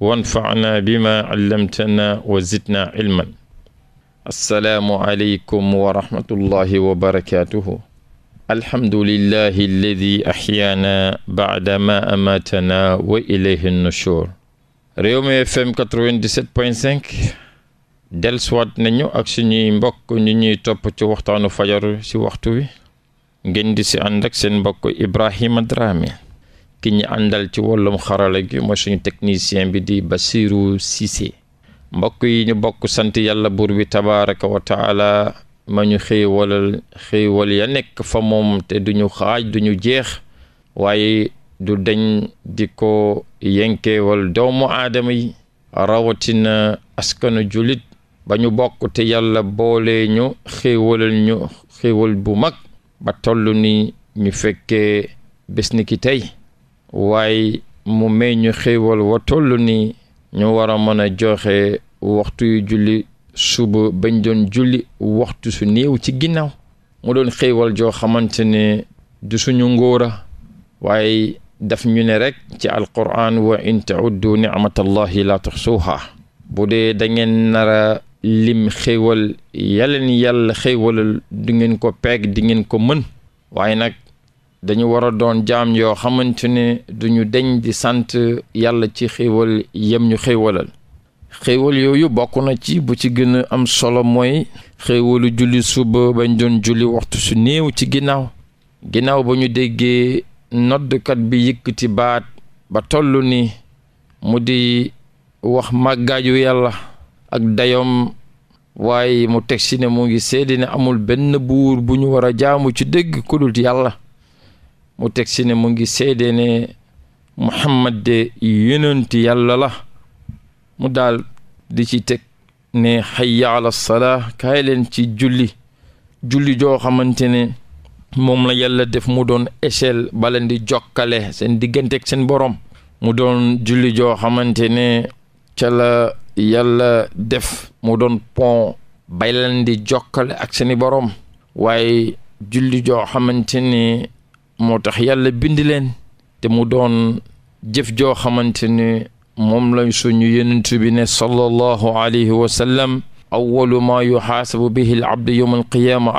wanfacnaa bimaa callamtanaa wa zidnaa cilman assalaamu aleykum wa rahmatullahi wa barakaatuhu alhamdulillahi alladi axyaanaa bacda maa amaatanaa wa ilayhi nushuur Rewmi FM 97.5 dellusiwaat nañu ak suñuy mbokk ñu ñuy topp ci waxtaanu fajar ci waxtu wi ngeen di si ànd ak seen mbokk Ibrahima Dramé ki ñu àndal ci wàllum xarala gi mooy technicien bi di Basirou Cissé mbokk yi ñu bokk sant yàlla buur bi tabaraka wa taala ma ñu xéewalal xéewal ya nekk fa moom te duñu xaaj duñu jeex waaye du dañ di ko doomu aadama yi rawatina askanu julit ba ñu bokk te yàlla boole ñu xéewalal ñu xéewal bu mag ba toll ni ñu fekkee bés ni ki tey waaye moo may ñu xéewal wa toll ni ñu war a mën a joxe waxtu yu julli suba bañ doon julli waxtu su néew ci ginnaaw mu doon xéewal joo xamante ne du suñu ngóora waaye daf ñu ne rek ci alquran wa in tauddu nicmatallahi la tuxsuha bu dee da ngeen nara lim xéewal yaleen yàlla xéewalal du ngeen ko peeg di ngeen ko mën waaye nag dañu war a doon jaam yoo xamante ne duñu deñ di sant yàlla ci xéewal yem ñu xéewalal xéewal yooyu bokk na ci bu ci gën a am solo mooy xéewalu julli suba bañ doon julli waxtu su néew ci ginnaaw ginnaaw ba ñu déggee noddkat bi yëkk yëkkati baat ba toll ni mu di wax màggaaju yàlla ak dayoom waaye mu teg si ne mu ngi seede ne amul benn buur bu ñu war a jaamu ci dégg ku yàlla mu teg si ne mu ngi seede ne Muhammad de yonentu yàlla la mu daal di ci teg ne hayya ala salaa kaay leen ci julli julli joo xamante ne moom la yàlla def mu doon échelle baleen di jokkale seen digganteeg seen borom mu doon julli joo xamante ne ca la yàlla def mu doon pont bayleen di jokkale ak seeni borom waaye julli joo xamante ne moo tax yàlla bind leen te mu doon jëf joo xamante ne moom la suñu yenent bi ne sallallahu alayhi wa sallam awalu maa yuxaasabu bihi al abdu yowm al qiyaama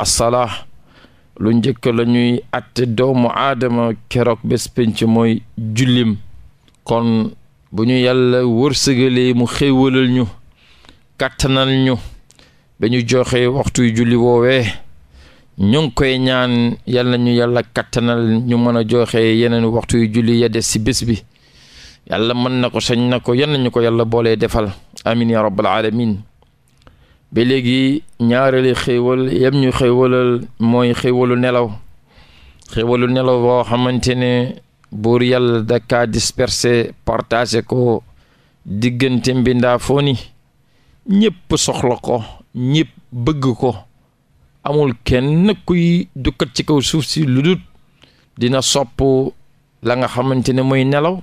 lu njëkk la ñuy atte doomu aadama keroog bés penc mooy jullim kon bu ñu yàlla wërsëgalee mu xéewalal ñu kàttanal ñu ba ñu joxe waxtuy julli woowee ñu koy ñaan yal nañu yàlla kattanal ñu mën a joxe yeneen waxtu yu julli ya des bés bi yàlla mën na ko sañ na ko yal nañu ko yàlla boolee defal amin ya rabbal alamin ba léegi ñaareeli xéewal yam ñu xéewalal mooy xéewalu nelaw xéewalu nelaw boo xamante ne buur yàlla dakaa dispersé partagé ko diggante mbindaa foo ni ñëpp soxla ko ñëpp bëgg ko amul kenn kuy dukkat ci kaw suuf si lu dul dina sopp la nga xamante ne mooy nelaw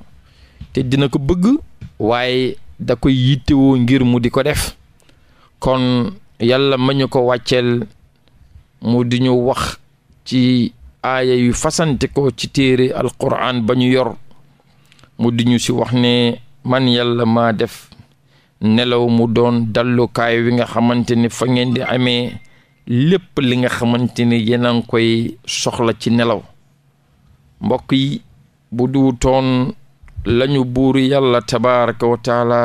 te dina ko bëgg waaye da koy yittewoo ngir mu di ko def kon yàlla ma ñu ko wàcceel mu di ñu wax ci aaya yu fasante ko ci téere alxuraan ba ñu yor mu di ñu si wax ne man yàlla maa def nelaw mu doon dallukaay wi nga xamante ne fa ngeen di amee lépp li nga xamante ni yéen a koy soxla ci nelaw mbokk yi bu duwutoon lañu buuru yàlla tabaraka wa taala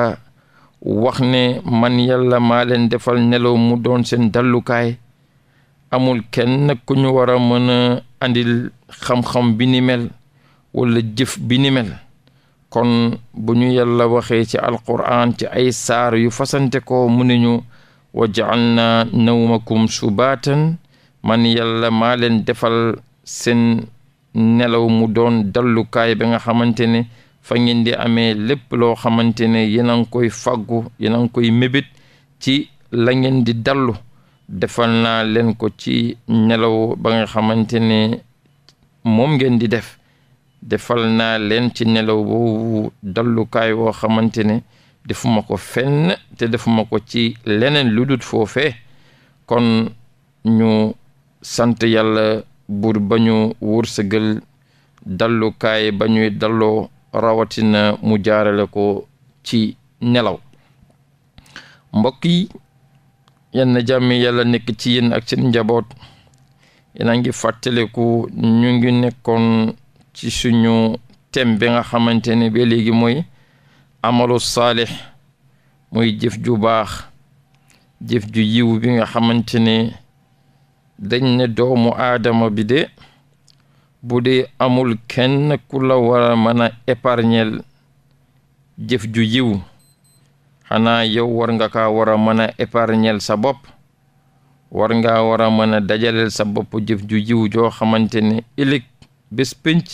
wax ne man yàlla maa leen defal nelaw mu doon seen dallukaay amul kenn ku ñu war a mën a andil xam-xam bi ni mel wala bi ni mel kon bu ñu yàlla waxee ci alquran ci ay saar yu fasante ko mu ne ñu waj'alna nawmakum subaatan man yàlla maa leen defal seen nelaw mu doon dallukaay ba nga xamante ne fa ngeen di amee lépp loo xamante ne yéen a ngi koy faggu yéen a ngi koy mébét ci la ngeen di dallu defal naa leen ko ci nelaw ba nga xamante ne moom ngeen di def defal naa leen ci nelaw boobu dallukaay woo xamante ne defuma ko fenn te defuma ko ci leneen lu dut foofe kon ñu sant yàlla buur ba ñu wërsëgal dallukaay ba ñuy dalloo rawatina mu jaarale ko ci nelaw mbokk yi yenn jàmmi yàlla nekk ci yéen ak seen njaboot a ngi fàttaliku ñu ngi nekkoon ci suñu thème bi nga xamante ne ba léegi mooy amalu saalix muy jëf ju baax jëf ju yiw bi nga xamante ne dañ ne doomu aadama bi de bu dee amul kenn ku la war a mën a épargnel jëf ju yiw xanaa yow war nga kaa war a mën a épargnel sa bopp war nga war a mën a dajaleel sa bopp jëf ju yiw joo xamante ne ëllëg bés pénc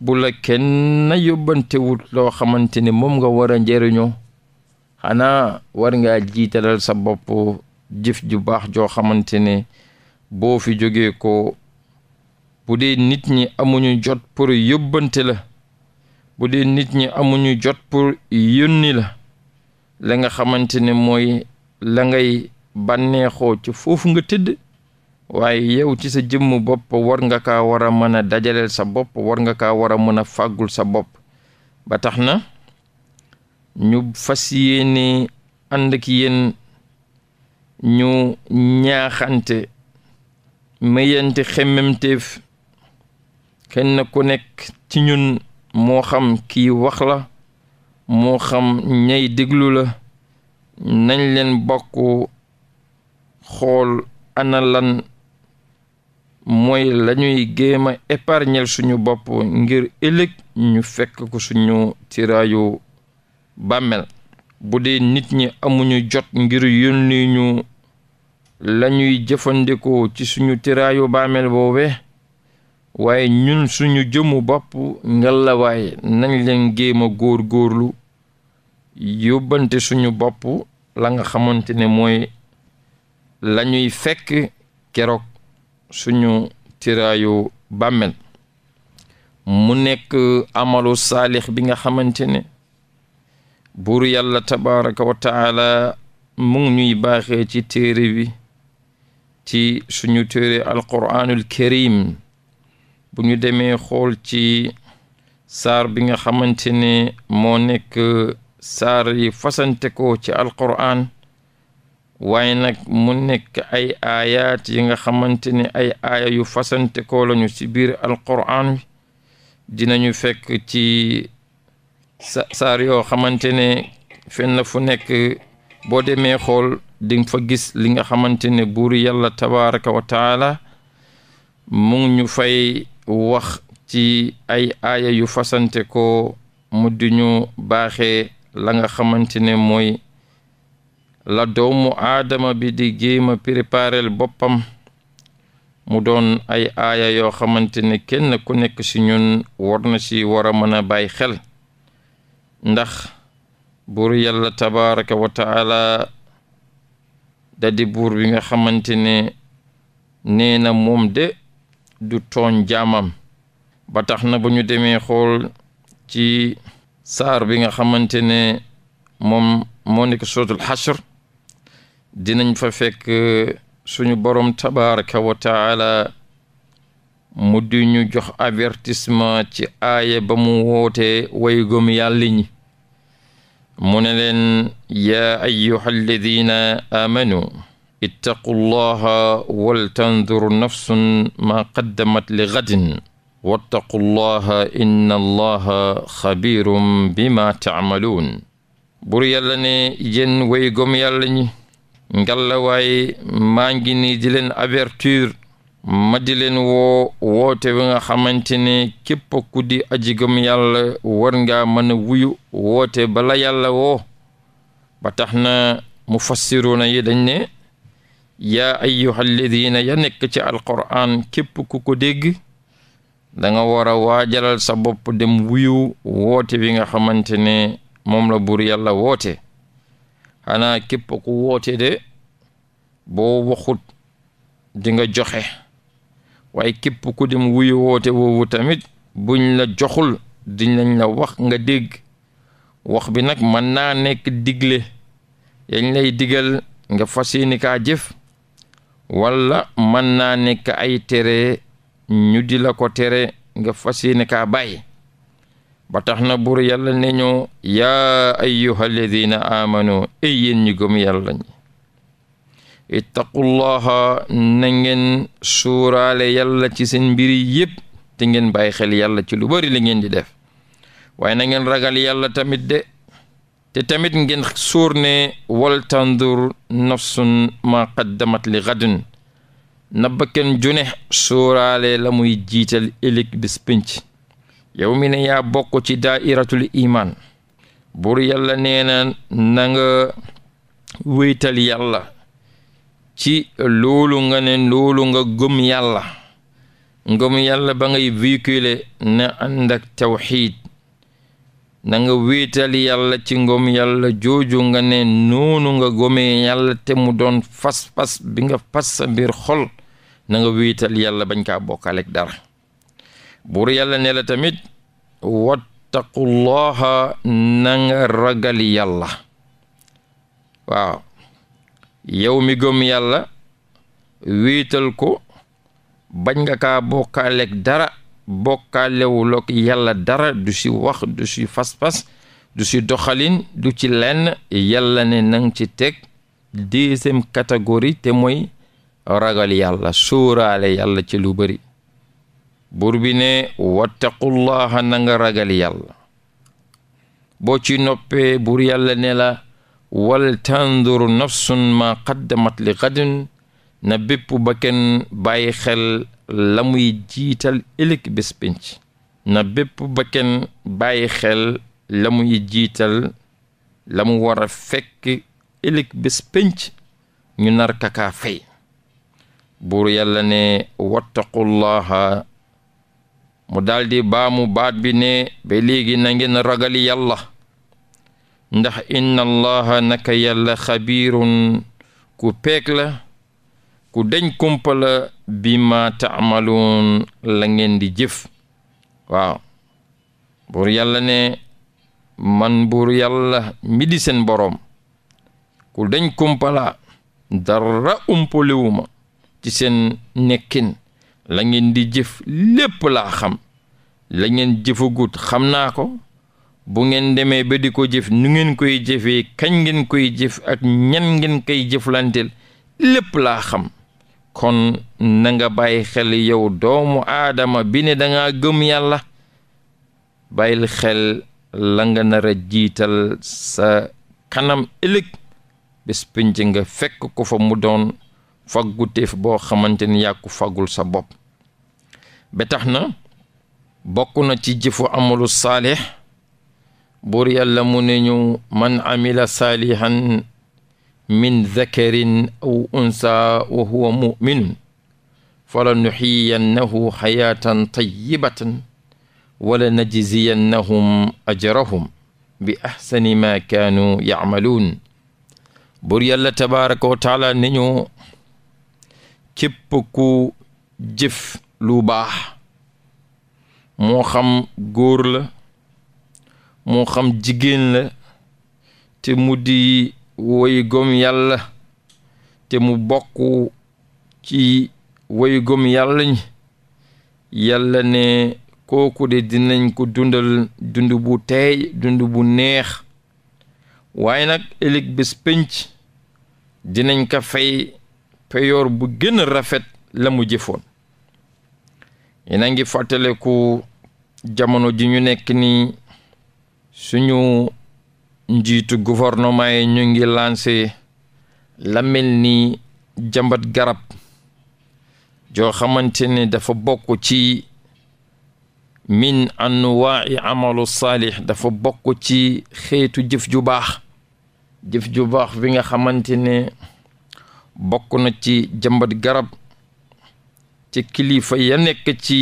bu la kenn yóbbantewul loo xamante ne moom nga war a njëriñoo xanaa war ngaa jiitalal sa bopp jëf ju baax joo xamante ne boo fi jógee ko bu dee nit ñi amuñu jot pour yóbbante la bu dee nit ñi amuñu jot pour yónni la la nga xamante ne mooy la ngay banneexoo ci foofu nga tëdd waaye yow ci sa jëmm bopp war nga ko war a mën a dajaleel sa bopp war nga kaa war a mën a fàggul sa bopp ba tax na ñu fas yéene ànd ak yéen ñu ñaaxante mayante xemmemteef kenn ku nekk ci ñun moo xam kii wax la moo xam ñay déglu la nañ leen bokk xool ana mooy lañuy géema géem suñu bopp ngir ëllëg ñu fekk ko suñu tiraayu bàmmel bu dee nit ñi amuñu jot ngir yónni ñu la jëfandikoo ci suñu tiraayu bàmmeel boobee waaye ñun suñu jëmu bopp ngalawaay nañ leen géem a góor góorlu yóbbante suñu bopp la nga xamante ne mooy lañuy fekk keroog suñu tiraayu bàmmel mu nekk amalu saalix bi nga xamante ne buur yàlla tabaraka wa taala mu ñuy baaxee ci téere bi ci suñu téere alquraanul karim bu ñu demee xool ci saar bi nga xamante ne moo nekk saar yi fasante ko ci alquraan waaye nag mu nekk ay aayaat yi nga xamante ne ay aaya yu fasante ko lañu ci biir alquraan dinañu fekk ci sa yoo xamante ne fenn fu nekk boo demee xool dinga fa gis li nga xamante ne buur yàlla tabaraka wa taala mu ñu fay wax ci ay aaya yu fasante ko mu di ñu baaxee la nga xamante ne mooy la doomu aadama bi di géema préparel boppam mu doon ay aaya yoo xamante ne kenn ku nekk ci ñun war na ci war a mën a bàyyi xel ndax buur yàlla tabaraka wa dadi buur bi nga xamante ne nee na moom de du toon jaamam ba tax na bu ñu demee xool ci saar bi nga xamante ne moom moo nekk suratul xashr dinañ fa fekk suñu borom tabaraka wa taala mu di ñu jox avertissement ci aaya ba mu wootee way gëm yàlla mu ne leen yaa ayyuha alladina aamanu ittaqu llaha waltandur nafsun maa qaddamat li gadin wattaqu llaha inna allaha xabirum bima taamaluun bur yàlla ne way gëm yàlla ngalla waaye maa ngi nii di leen avertir ma di leen woo woote wi nga xamante ne képp ku di ajigam gëm yàlla war ngaa mën a wuyu woote bala yàlla woo ba tax na mufassiruuna yi dañ ne yaa ayyuha alladina ya nekk ci alqur'an képp ku ko dégg danga nga war a waajalal sa bopp dem wuyu woote wi nga xamante ne moom la buur yàlla woote xanaa képp ku woote de boo waxut dinga joxe waaye képp ku dem wuyu woote woowu tamit buñ la joxul dinañ la wax nga dégg wax bi nag mën naa nekk digle yañ lay digal nga fas yéene jëf walla mën naa nekk ay tere ñu di la ko tere nga fas yéene kaa bàyyi ba tax na buur yàlla ne ñu yaa ayyuha alladina aamanu ey yéen ñi gëm ñi ittaqullaha na ngeen suuraale yàlla ci seen mbiri yépp te ngeen bàyyi xel yàlla ci lu bari li ngeen di def waaye na ngeen ragal yàlla tamit de te tamit ngeen suur ne wal tandur nafsun ma qaddamat li gadun na bakken june suuraale la muy jiital ëllëg yow mi ne yaa bokk ci daairatul iman buur yàlla nee na na nga wéytal yàlla ci loolu nga ne loolu nga gëm yàlla ngëm yàlla ba ngay véhiculer na ànd ak tawxiid na nga wéetal yàlla ci ngëm yàlla jooju nga ne noonu nga gomee yàlla te mu doon fas-fas bi nga fas biir xol nanga nga wéetal yàlla bañ kaa bokkaleek dara buur yàlla ne la tamit wattaqullaha na nga ragal yàlla waaw yow mi gëm yàlla wiital ko bañ nga kaa bokkaaleeg dara bokkaalewuloog yàlla dara du ci wax du ci fas-fas du ci doxalin du ci lenn yàlla ne nang ci teg deuxième catégorie te moy ragal yàlla sóoraale yàlla ci lu bari buur bi ne wattaqullaha na ragal yàlla boo ci noppee buur yàlla ne la wal tandur nafsun ma qaddamat li xadin na bépp bakken bàyyi xel la jiital ëllëg bés pénc na bépp bakken bàyyi xel la muy jiital la mu war a fekk ëllëg bés ñu nar kakaa fay ne wattaqullaha mu daldi baamu baat bi ne ba léegi na ngeen ragal yàlla ndax inna allaha naka yalla xabiirun ku peeg la ku deñ kumpa la bi ma taamaluun la ngeen di jëf waaw buur yàlla ne man buur yàlla mi di seen boroom ku deñ kumpa la dara ci seen nekkin la ngeen di jëf lépp laa xam la ngeen jëfagut xam naa ko bu ngeen demee ba di ko jëf nu ngeen koy jëfee kañ ngeen koy jëf ak ñan ngeen koy jëflanteel lépp laa xam kon na nga bàyyi xel yow doomu aadama bi ne danga gëm yàlla bàyyil xel la nga nar a jiital sa kanam ëllëg bés pénc nga fekk ko fa mu doon fagguteef boo xamante ni yàkku fagul sa bopp ba tax na bokk na ci jëfu amalu saalix buur yàlla mu ne ñu man amila saalihan min zakarin aw unsa wa huwa muminun fala nuxiyannahu xayaatan tayibatan wala najziyannahum ajrahum bi axsani ma kaanu yacmaluun buur yàlla tabaraka wa taala ne ñu képp ku jëf lu baax moo xam góor la moo xam jigéen la te mu di woy yàlla te mu bokk ci woy gom yàlla ñi yàlla ne kooku de dinañ ko dundal dund bu teey dund bu neex waaye nag ëllëg bés pénc dinañ ko fay peyoor bu gën rafet la mu jëfoon yéen a ngi fàttaleku jamono ji ñu nekk ni suñu njiitu gouvernement yi ñu ngi lancé la ni jàmbat garab joo xamante ne dafa bokk ci min anwaai amalu saalih dafa bokk ci xeetu jëf ju baax jëf ju baax bi nga xamante ne bokk na ci jàmbat garab ci kilifa ya nekk ci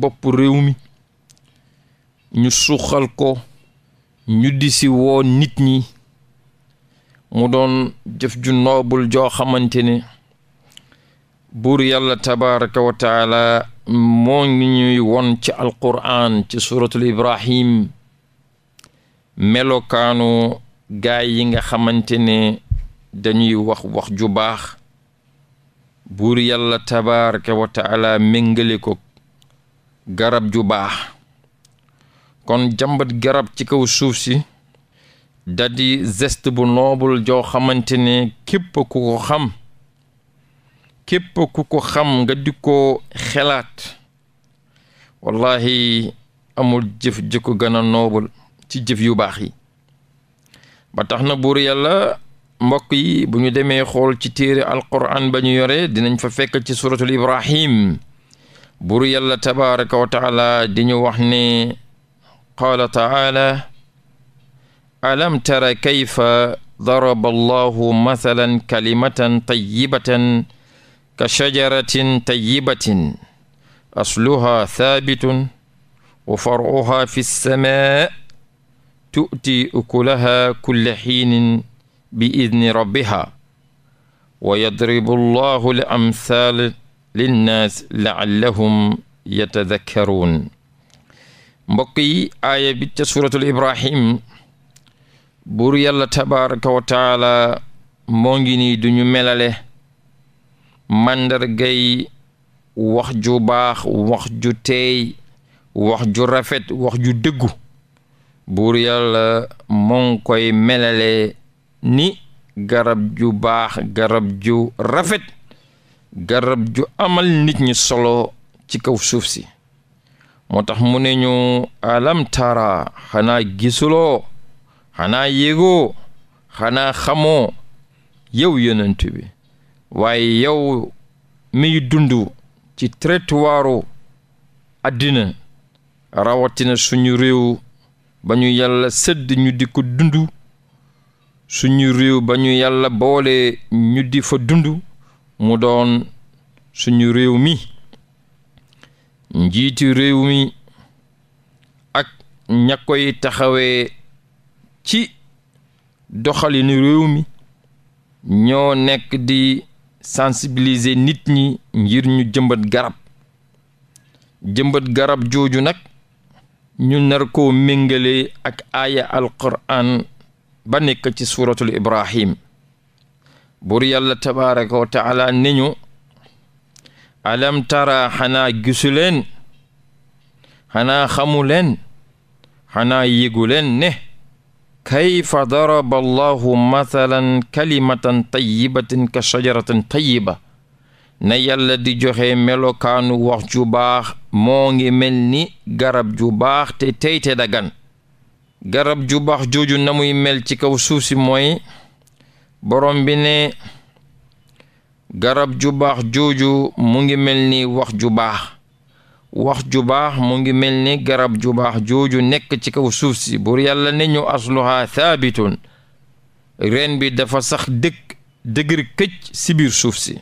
bopp réew mi ñu suuxal ko ñu di si woo nit ñi mu doon jëf ju noobul joo xamante ne buur yàlla tabaraka wa moo ngi ñuy won ci alquran ci suratul ibrahim melokaanu gaay yi nga xamante ni dañuy wax wax ju baax buur yàlla tabaaraka wa taala méngale ko garab ju baax kon jàmbat garab ci kaw suuf si dadi geste bu noble joo xamante ne képp ku ko xam képp ku ko xam nga di ko xelaat wallahi amul jëf jikko gën a ci jëf yu baax yi ba tax na buur yàlla mbokk yi bu ñu demee xool ci téere alquran ba ñu yore dinañ fa fekk ci suratul ibrahim buru yàlla tabaraka wa taala di ñu wax ne qaala taala alam tara kayfa daraba allahu mathalan kalimatan tayyibatan ka shajaratin tayyibatin asluha thabitun wa far'uha fi ssamaa tu'ti ukulaha kulla hiinin bi idni rabbiha wa yadribu llahu l amthal linnaas laallahum yatadakkaruun mbokk yi aaya ibrahim buur yàlla tabaraka wa taala moo ngi nii du melale màndargay wax ju baax wax ju teey rafet wax ju dëggu buur yàlla melale ni garab ju baax garab ju rafet garab ju amal nit ñi solo ci kaw suuf si moo tax mu ne ñu alam tara xanaa gisuloo xanaa yégoo xanaa xamoo yow yonent bi waaye yow miy dund ci waaru àddina rawatina suñu réew ba ñu yàlla sëdd ñu di ko dundu suñu réew ba ñu yàlla boole ñu di fa dund mu doon suñu réew mi njiiti réew mi ak ña koy taxawee ci doxalinu réew mi ñoo nekk di sensibilisé nit ñi ngir ñu jëmbat garab jëmbat garab jooju nag ñu nar koo méngale ak aaya alquran ba nekk suuratul ibrahim bur yàlla tabaraka wa taala niñu alam tara xanaa gisu leen xanaa xamu leen xanaa yëgu ne kayfa daraba allahu mathalan kalimatan tayibatin ka shajaratin tayiba na yàlla di joxe melokaanu wax ju baax moo ngi mel ni garab ju baax te tey dagan garab ju baax jooju na muy mel ci kaw suuf si mooy borom bi ne garab ju baax jooju mu ngi mel ni wax ju baax wax ju baax mu ngi mel ni garab ju baax jooju nekk ci kaw suuf si buur yàlla ne ñu asluha thaabitun reen bi dafa sax dëkk dëgër këcc si biir suuf si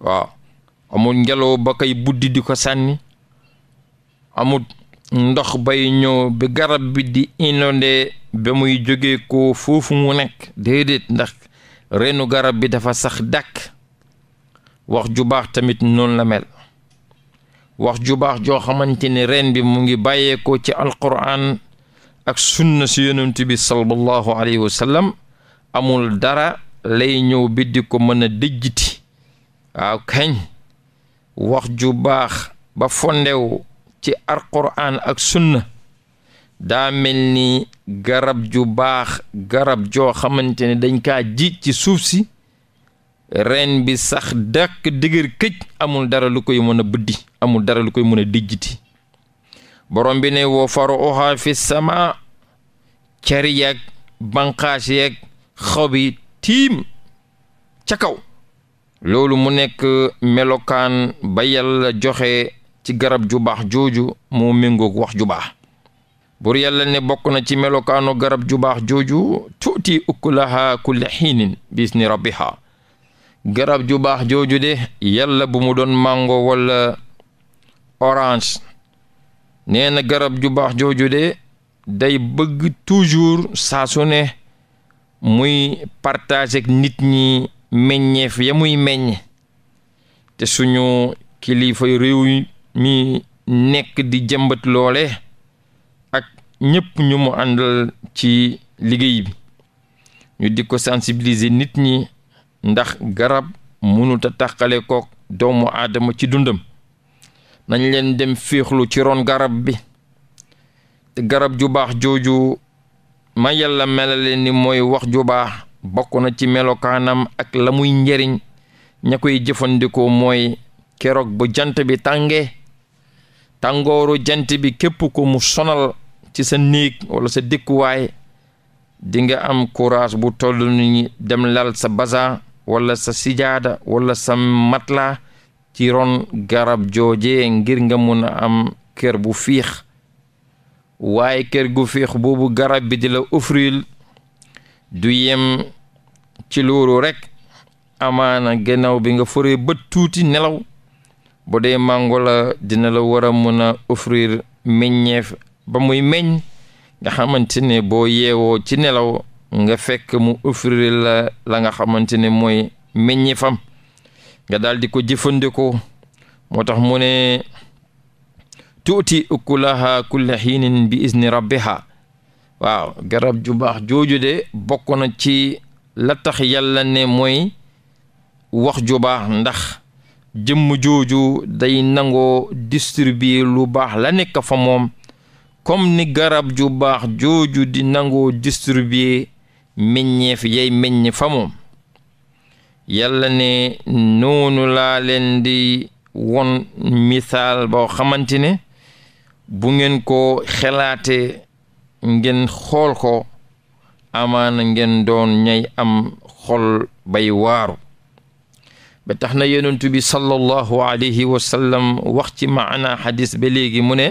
waaw amul ngelaw ba kay buddi di ko sànni amul ndox bay ñëw bi garab bi di ba muy jóge ko foofu mu nekk déedéet ndax reenu garab bi dafa sax dàkk wax ju baax tamit noonu la mel wax ju baax joo xamante ne reen bi mu ngi bàyyeekoo ci alquran ak sunna si yonent bi sallallahu alayhi wa amul dara lay ñëw biddi ko mën a déjjiti waaw kañ wax ju baax ba fondew ci alquran ak sunna daa mel ni garab ju baax garab joo xamante ne dañ kaa ji ci suuf si reen bi sax dàkk dëgër këj amul dara lu koy mën a bëddi amul dara lu koy mën a dijjiti borom bi ne woo faruha fi sama cari yeeg banqaas yeeg tiim ca kaw loolu mu nekk melokaan ba yàlla joxe ci garab ju baax jooju moo méngoog wax ju baax bur yàlla ne bokk na ci melokaano garab ju baax jooju tuuti ukulaha kulle xiinin bis ni rabbiha garab ju baax jooju de yàlla bu mu doon mango wala orange nee na garab ju baax jooju de day bëgg toujours saa ne muy partager nit ñi meññeef ya muy meññ te suñu kilifay réew mi nekk di jëmbat loole ak ñëpp ñu mu àndal ci liggéey bi ñu di ko sensibiliser nit ñi ndax garab mënut a tàqale kook doomu aadama ci dundam nañ leen dem féexlu ci ron garab bi te garab ju baax jooju ma yàlla melale ni mooy wax ju baax bokk na ci melokaanam ak la muy njariñ ña koy jëfandikoo mooy keroog bu jant bi tàngee tàngooru jant bi képp ko mu sonal ci sa néeg walla sa dëkkuwaay di nga am courage bu toll ni dem lal sa basa walla sa sijaada wala sa matla ci ron garab jooje ngir nga mun a am kër bu fiix waaye kër gu fiix boobu garab bi di la offril du yem ci loolu rekk amaana gannaaw bi nga foree bët tuuti nelaw bu dee màngo la dina la war a mën a offrir meññeef ba muy meññ nga xamante ne boo yeewoo ci nelaw nga fekk mu offrir la la nga xamante ne mooy meññeefam nga daldi ko jëfandikoo moo tax mu ne tuuti ukulaha kulla xiinin bi izni rabbiha waaw garab ju baax jooju de bokk na ci la tax yàlla ne mooy wax ju baax ndax jëmm jooju day nangoo distribuer lu baax la nekk fa moom comme ni garab ju baax jooju di nangoo distribuer meññeef yay meññee fa moom yàlla ne noonu laa leen di won misaal boo xamante ne bu ngeen ko xelaate ngeen xool ko amaana ngeen doon ñay am xol bay waaru ba tax na yonent bi sallallahu alayhi wa sallam wax ci maana xadis ba léegi mu ne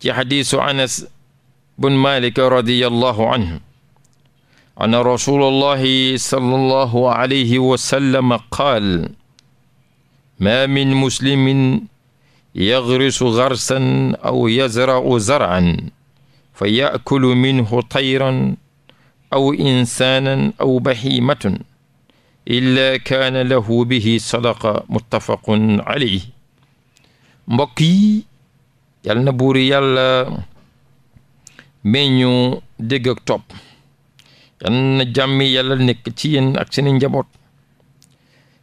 ci xadisu anas bun malik radiyallahu anhu ana rasulullahi sallallahu alayhi wa sallam qaal ma min muslimin yagrisu garsan aw yazra'u zar'an fa ya'kulu minhu tayran aw insanan aw bahimatan illa kaana lahu bihi sadaqa muttafaqun alayhi mbokk yi yal na buur yàlla meññu top ak yal na jàmmi yàlla nekk ci yéen ak seeni njaboot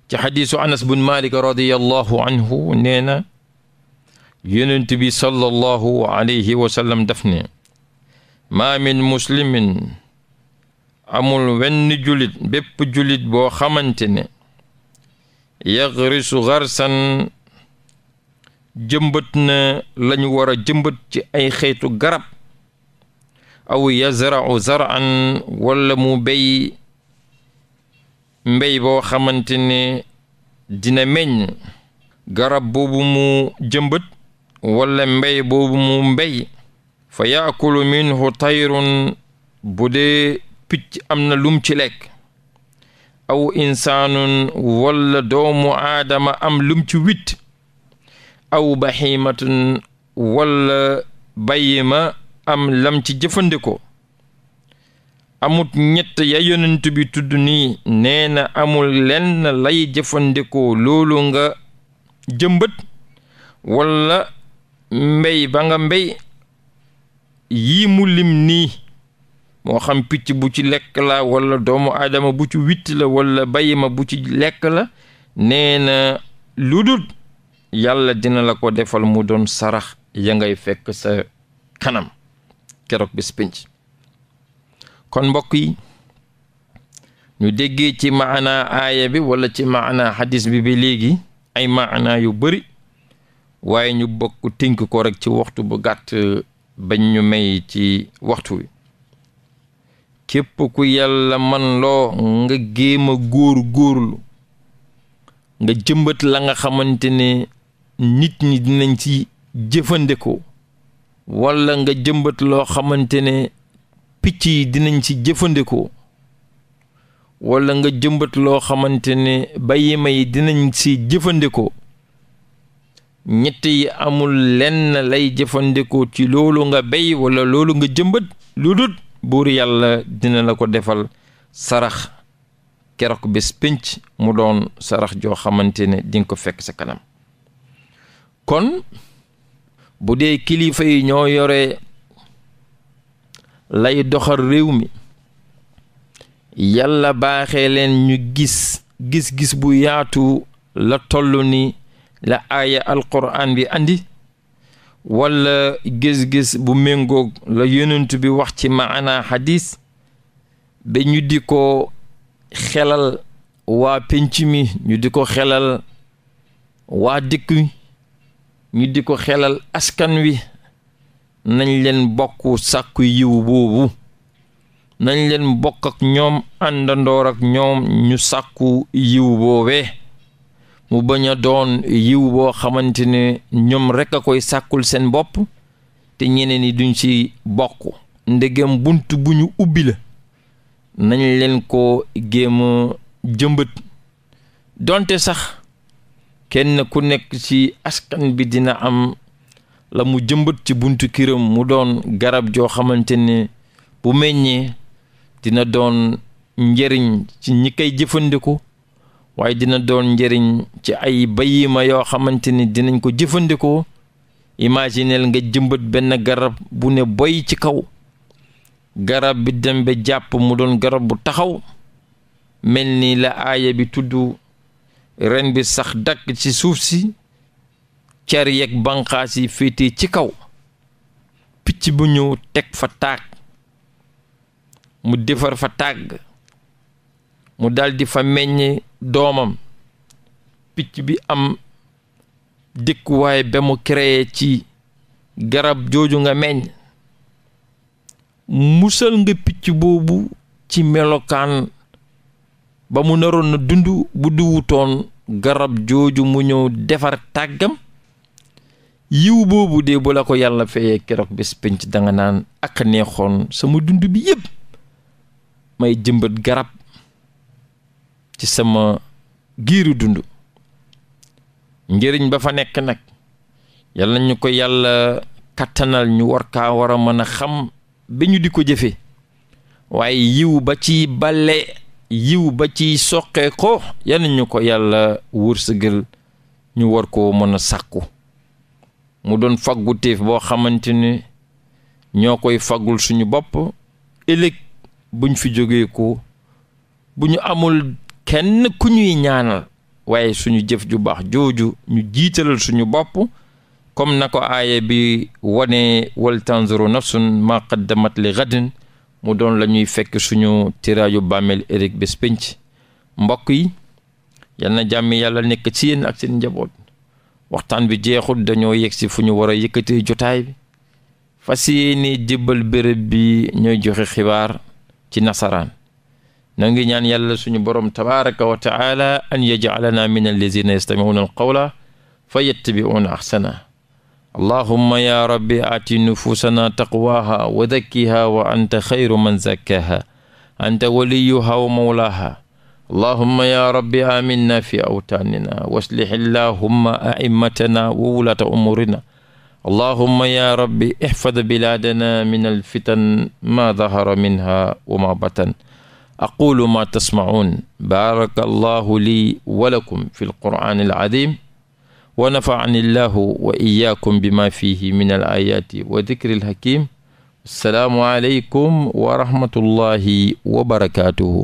ci xadiisu anas bun malik radiallahu anhu nee na yonent bi sallallahu alayhi wa sallam daf ne min muslimin amul wenn julit bépp julit boo xamante ne yaxrisu xarsan jëmbat na lañu war a jëmbat ci ay xeetu garab aw yazra'u zar'an wala mu béy mbéy boo xamante ne dina meññ garab boobu mu jëmbat wala mbéy boobu mu mbéy fa yaakulu minhu tayrun bu dee picc am na lum ci lekk aw insaanun walla doomu aadama am lum ci witt aw baxiimatun walla bayima am lam ci jëfandikoo amut ñett ya yonent bi tudd nii nee na amul lenn lay jëfandikoo loolu nga jëmbët walla mbéy ba nga mbéy yii mu lim nii moo xam picc bu ci lekk la wala doomu aadama bu ci witt la wala bayima bu ci lekk la nee na lu dul yàlla dina la ko defal mu doon sarax ya ngay fekk sa kanam keroog bis pinc kon mbokk yi ñu déggee ci maanaa aaya bi wala ci maanaa xadis bi bi léegi ay maanaa yu bari waaye ñu bokk tink ko rek ci waxtu bu gàtt bañ ñu may ci waxtu wi képp ku yàlla man loo nga géem a góor góorlu nga jëmbat la nga xamante ne nit ñi dinañ ci jëfandikoo walla nga jëmbat loo xamante ne picc yi dinañ ci jëfandikoo walla nga jëmbët loo xamante ne bayima yi dinañ ci jëfandikoo ñett yi amul lenn lay jëfandikoo ci loolu nga bay walla loolu nga jëmbat lu dut buur yàlla dina la ko defal sarax keroog bés pénc mu doon sarax joo xamante ne dinga ko fekk sa kanam kon bu dee kilifa yi ñoo yore lay doxal réew mi yàlla baaxe leen ñu gis gis-gis bu yaatu la toll ni la aaya alquran bi àndi wala gis-gis bu méngoog la yonent bi wax ci maana xadis dañu di ko xelal waa penc mi ñu di ko xelal waa dëkk wi ñu di ko xelal askan wi nañ leen bokk sàkku yiw boobu nañ leen bokk ak ñoom àndandoor ñoom ñu sàkku yiw boobee mu bañ a doon yiw boo xamante ne ñoom rekk a koy sàkkul seen bopp te ñeneen yi duñ ci bokk ndegem bunt bu ñu ubbi la nañ leen ko géem a jëmbët donte sax kenn ku nekk ci askan bi dina am la mu jëmbët ci buntu këram mu doon garab joo xamante ne bu meññee dina doon njëriñ ci ñi kay jëfandiku waaye dina doon njëriñ ci ay bayima yoo xamante ni dinañ ko jëfandikoo imagineel nga jëmbat benn garab bu ne boy ci kaw garab bi dem jàpp mu doon garab bu taxaw mel nii la aaya bi tudd ren bi sax dakk ci suuf si car yeeg banqaas yi féete ci kaw picc bu ñëw teg fa taag mu defar fa tàgg mu daldi fa meññ doomam picc bi am dëkkuwaay ba mu créé ci garab jooju nga meññ musal nga picc boobu ci melokaan ba mu naroon na dund bu duwutoon garab jooju mu ñëw defar tàggam yiw boobu de bu la ko yàlla feyee keroog bés penc danga naan ak neexoon sama dund bi yépp may jëmbat garab ci sama giiru dund njëriñ ba fa nekk nag yàlla ñu ko yàlla kattanal ñu war kaa war a mën a xam ba ñu di ko jëfe waaye yiw ba ci bale yiw ba ci soqee ko yal ñu ko yàlla wërsëgal ñu war ko mën a sàkku mu doon fagguteef boo xamante ne ñoo koy faggul suñu bopp ëllëg buñ fi jógee ko bu ñu amul kenn ku ñuy ñaanal waaye suñu jëf ju baax jooju ñu jiitalal suñu bopp comme na ko aaya bi wane wal tanzuru nafsun ma qaddamat li gadin mu doon la ñuy fekk suñu tiraayu bàmmeel Eric bés pénc mbokk yi yal na jàmm yàlla nekk ci yéen ak seen njaboot waxtaan bi jeexul dañoo yegg si fu ñu war a yëkkatee jotaay bi fas yéene jébbal béréb bi ñooy joxe xibaar ci nasaraan noo ngi ñaan yàlla suñu borom tabaraka wa taala an yajalana min allazina yastamiuuna alqawla fa yattabiuuna ahsana allahumma ya rabbi aati nufuusana taqwaha wa dakkiha wa anta xayru man zakkaha anta waliyuha wa mawlaha allahumma ya rabbi aminna fi awtaanina waslih allahumma aimmatana wa wulata umurina allahumma ya rabbi ihfad bilaadana min alfitan ma dahara minha wa ma batan aqulu ma tasmaun baaraka allahu lii walakum fi lquraan alazim wa nafaani llahu wa iyakum bima fihi min alayati wa dikri alhakim assalaamu aleykum wa rahmatullahi wa barakatuhu